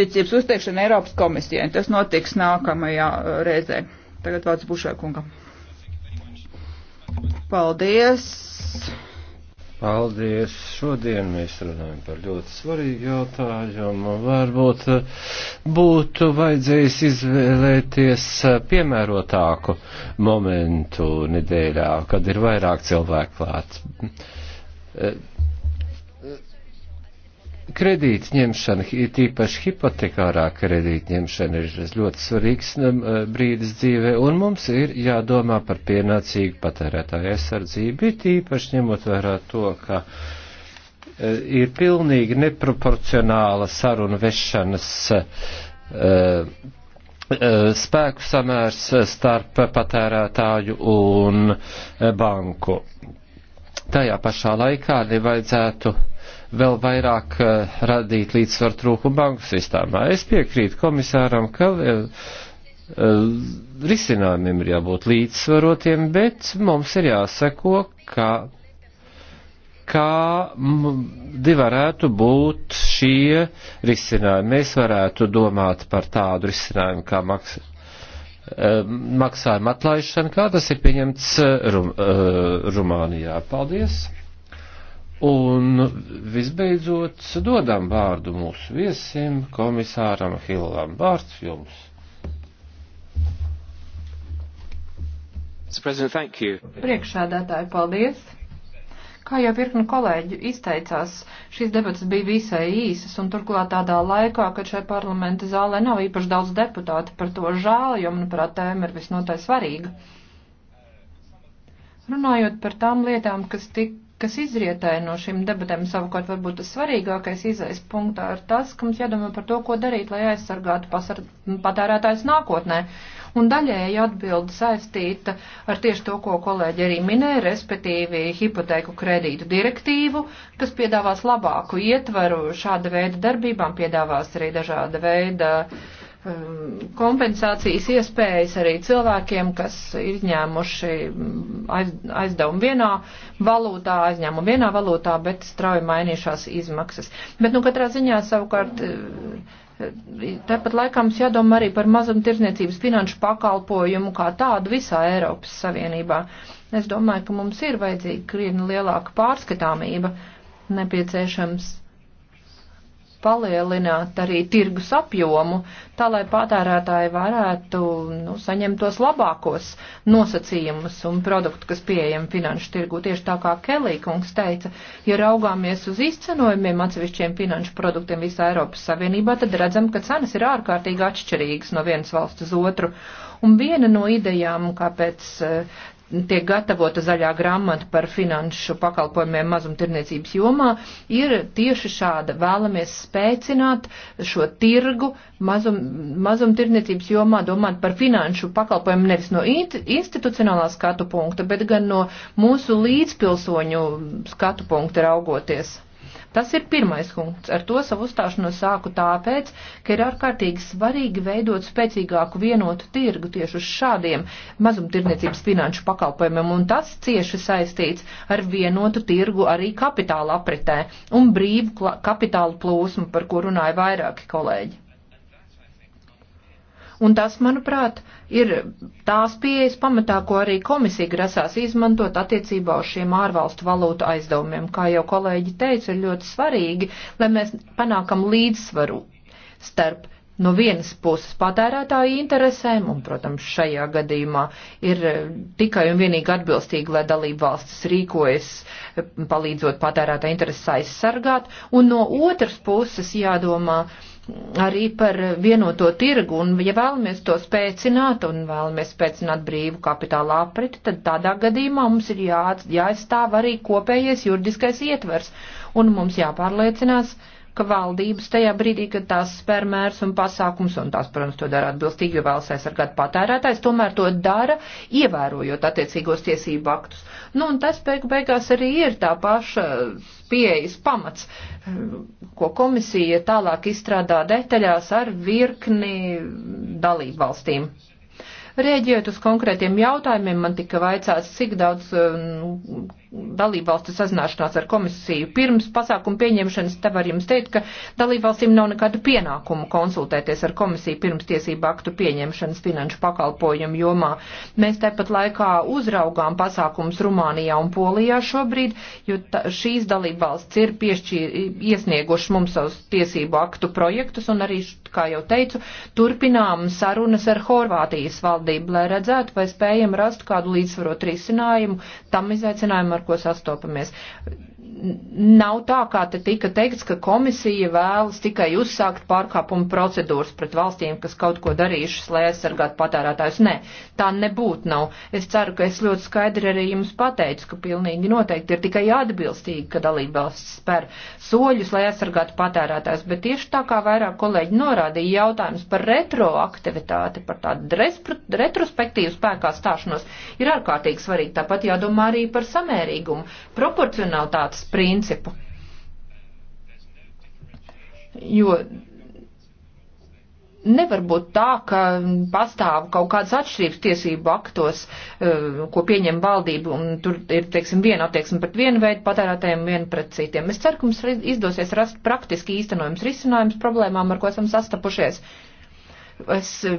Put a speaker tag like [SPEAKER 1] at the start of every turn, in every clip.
[SPEAKER 1] uzticības uzteikšanu Eiropas komisijai. Tas notiks nākamajā uh, reizē. Tagad vārds Bušai kungam. Paldies!
[SPEAKER 2] Paldies! Šodien mēs runājam par ļoti svarīgu jautājumu. Varbūt uh, būtu vajadzējis izvēlēties uh, piemērotāku momentu nedēļā, kad ir vairāk cilvēku klāt. Kredīts ņemšana, tīpaši hipotekārā kredīta ņemšana ir ļoti svarīgs brīdis dzīvē, un mums ir jādomā par pienācīgu patērētāju aizsardzību, tīpaši ņemot vērā to, ka e, ir pilnīgi neproporcionāla saruna vešanas e, e, spēku samērs starp patērētāju un banku Tajā pašā laikā nevajadzētu vēl vairāk eh, radīt līdzsvaru trūkumu banku sistēmā. Es piekrītu komisāram, ka eh, eh, risinājumiem ir jābūt līdzsvarotiem, bet mums ir jāsako, ka kā varētu būt šie risinājumi. Mēs varētu domāt par tādu risinājumu kā maks, Ehm, maksājuma atlaišana, kā tas ir pieņemts eh, Rum, eh, Rumānijā. Paldies! Un visbeidzot, dodam vārdu mūsu viesim, komisāram Hilam. Vārds jums. Priekšādātāji,
[SPEAKER 1] paldies! Kā jau virkni kolēģi izteicās, šīs debatas bija visai īsas un turklāt tādā laikā, kad šai parlamenta zālē nav īpaši daudz deputāti par to žēl, jo, manuprāt, tēma ir visnotaļ svarīga. Runājot par tām lietām, kas tik kas izrietēja no šīm debatēm, savukārt varbūt tas svarīgākais izaisa punktā ir tas, ka mums jādomā par to, ko darīt, lai aizsargātu patērētājs nākotnē. Uh, un daļēji atbildi saistīta ar tieši to, ko kolēģi arī minēja, respektīvi hipotēku kredītu direktīvu, kas piedāvās labāku ietvaru šāda veida darbībām, piedāvās arī dažāda veida um, kompensācijas iespējas arī cilvēkiem, kas ir ņēmuši um, aiz, aizdevumu vienā valūtā, aizņēmumu vienā valūtā, bet strauji mainījušās izmaksas. Bet, nu, katrā ziņā savukārt. Uh, Tāpat laikā mums jādomā arī par mazumtirdzniecības finanšu pakalpojumu kā tādu visā Eiropas Savienībā. Es domāju, ka mums ir vajadzīga krietni lielāka pārskatāmība nepieciešams palielināt arī tirgus apjomu, tā lai patērētāji varētu nu, saņemt tos labākos nosacījumus un produktu, kas pieejami finanšu tirgu. Tieši tā kā Kelīkungs teica, ja raugāmies uz izcenojumiem atsevišķiem finanšu produktiem visā Eiropas Savienībā, tad redzam, ka cenas ir ārkārtīgi atšķirīgas no vienas valsts uz otru. Un viena no idejām, kāpēc eh, tiek gatavota zaļā grāmata par finanšu pakalpojumiem mazumtirniecības jomā, ir tieši šāda. Vēlamies spēcināt šo tirgu mazum, mazumtirniecības jomā, domāt par finanšu pakalpojumu nevis no institucionālā skatu punkta, bet gan no mūsu līdzpilsoņu skatu punkta raugoties. Tas ir pirmais punkts. Ar to savu uzstāšanos sāku tāpēc, ka ir ārkārtīgi svarīgi veidot spēcīgāku vienotu tirgu tieši uz šādiem mazumtirniecības finanšu pakalpojumiem, un tas cieši saistīts ar vienotu tirgu arī kapitāla apritē un brīvu kapitāla plūsmu, par ko runāja vairāki kolēģi. Un tas, manuprāt, ir tās pieejas pamatā, ko arī komisija grasās izmantot attiecībā uz šiem ārvalstu valūtu aizdevumiem. Kā jau kolēģi teica, ir ļoti svarīgi, lai mēs panākam līdzsvaru starp no vienas puses patērētāju interesēm, un, protams, šajā gadījumā ir eh, tikai un vienīgi atbilstīgi, lai dalība valstis rīkojas, palīdzot patērētāju intereses aizsargāt, un no otras puses jādomā, uh, arī par vienoto tirgu, un ja vēlamies to spēcināt un vēlamies spēcināt brīvu kapitāla apriti, tad tādā gadījumā mums ir jā, jāizstāv arī kopējais juridiskais ietvers, un mums jāpārliecinās, ka valdības tajā brīdī, kad tās spēr mērs un pasākums, un tās, protams, to dara atbilstīgi, jo vēlas aizsargāt patērētājs, tomēr to dara, ievērojot attiecīgos tiesību aktus. Nu, un tas beigu beigās arī ir tā paša pieejas pamats, ko komisija tālāk izstrādā detaļās ar virkni dalību valstīm. Rēģējot uz konkrētiem jautājumiem, man tika vaicāts, cik daudz um, dalībvalstu sazināšanās ar komisiju pirms pasākumu pieņemšanas, te var jums teikt, ka dalībvalstīm nav nekādu pienākumu konsultēties ar komisiju pirms tiesību aktu pieņemšanas finanšu pakalpojumu jomā. Mēs tāpat laikā uzraugām pasākums Rumānijā un Polijā šobrīd, jo ta, šīs dalībvalsts ir piešķī, iesnieguši mums savus tiesību aktu projektus un arī, kā jau teicu, turpinām sarunas ar Horvātijas valdību valdību, lai redzētu, vai spējam rast kādu līdzsvarot risinājumu tam izaicinājumu, ar ko sastopamies nav tā, kā te tika teikts, ka komisija vēlas tikai uzsākt pārkāpumu procedūras pret valstīm, kas kaut ko darījušas, lai aizsargātu patērētājus. Nē, tā nebūtu nav. Es ceru, ka es ļoti skaidri arī jums pateicu, ka pilnīgi noteikti ir tikai atbilstīgi, ka dalībvalsts spēr soļus, lai aizsargātu patērētājus. Bet tieši tā kā vairāk kolēģi norādīja jautājums par retroaktivitāti, par tādu retrospektīvu spēkā stāšanos, ir ārkārtīgi svarīgi. Tāpat jādomā arī par samērīgumu, proporcionalitātes principu. Jo nevar būt tā, ka pastāv kaut kādas atšķirības tiesību aktos, eh, ko pieņem valdība, un tur ir, teiksim, viena attieksme pret vienu veidu patērētājiem, viena pret citiem. Es ceru, ka mums izdosies rast praktiski īstenojums risinājums problēmām, ar ko esam sastapušies. Es eh,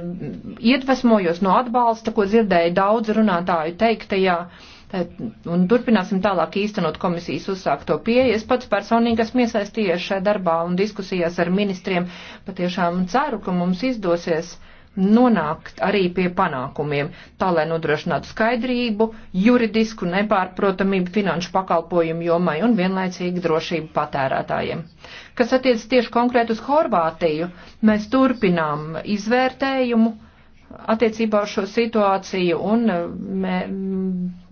[SPEAKER 1] iedvesmojos no atbalsta, ko dzirdēju daudz runātāju teiktajā. Ja un turpināsim tālāk īstenot komisijas uzsākto pieeju. Es pats personīgi esmu iesaistījies šajā darbā un diskusijās ar ministriem. Patiešām ceru, ka mums izdosies nonākt arī pie panākumiem, tā lai nodrošinātu skaidrību, juridisku nepārprotamību finanšu pakalpojumu jomai un vienlaicīgi drošību patērētājiem. Kas attiec tieši konkrēt uz Horvātiju, mēs turpinām izvērtējumu attiecībā uz šo situāciju un uh, me,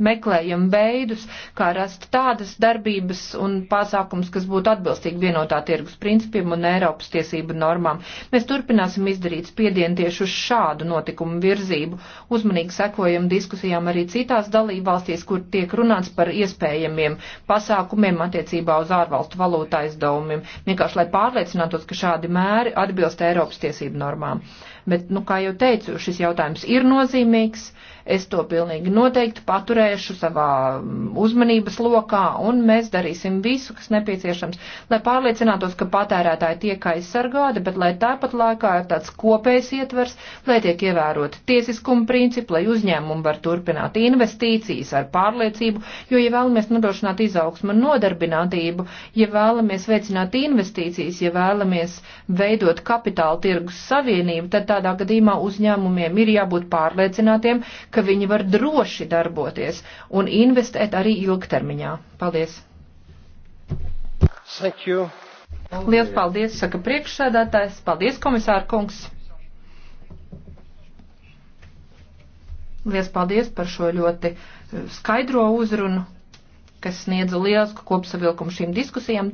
[SPEAKER 1] meklējam veidus, kā rast tādas darbības un pasākums, kas būtu atbilstīgi vienotā tirgus principiem un Eiropas tiesību normām. Mēs turpināsim izdarīt spiedienu tieši uz šādu notikumu virzību. Uzmanīgi sekojam diskusijām arī citās dalībvalstīs, kur tiek runāts par iespējamiem pasākumiem attiecībā uz ārvalstu valūtā aizdevumiem, vienkārši lai pārliecinātos, ka šādi mēri atbilst Eiropas tiesību normām. Bet, nu, kā jau teicu, šis jautājums ir nozīmīgs, es to pilnīgi noteikti paturēšu savā mm, uzmanības lokā, un mēs darīsim visu, kas nepieciešams, lai pārliecinātos, ka patērētāji tiek aizsargāti, bet lai tāpat laikā ir tāds kopējs ietvers, lai tiek ievēroti tiesiskuma principi, lai uzņēmumi var turpināt investīcijas ar pārliecību, jo, ja vēlamies nodrošināt izaugsmu un nodarbinātību, ja vēlamies veicināt investīcijas, ja vēlamies veidot kapitāla tirgus savienību, tad tādā gadījumā uzņēmumi uzņēmumiem ir jābūt pārliecinātiem, ka viņi var droši darboties un investēt arī ilgtermiņā. Paldies! Liels paldies, saka priekšsēdētājs. Paldies, komisāra kungs! Liels paldies par šo ļoti eh, skaidro uzrunu, kas sniedza lielu kopsavilkumu šīm diskusijām.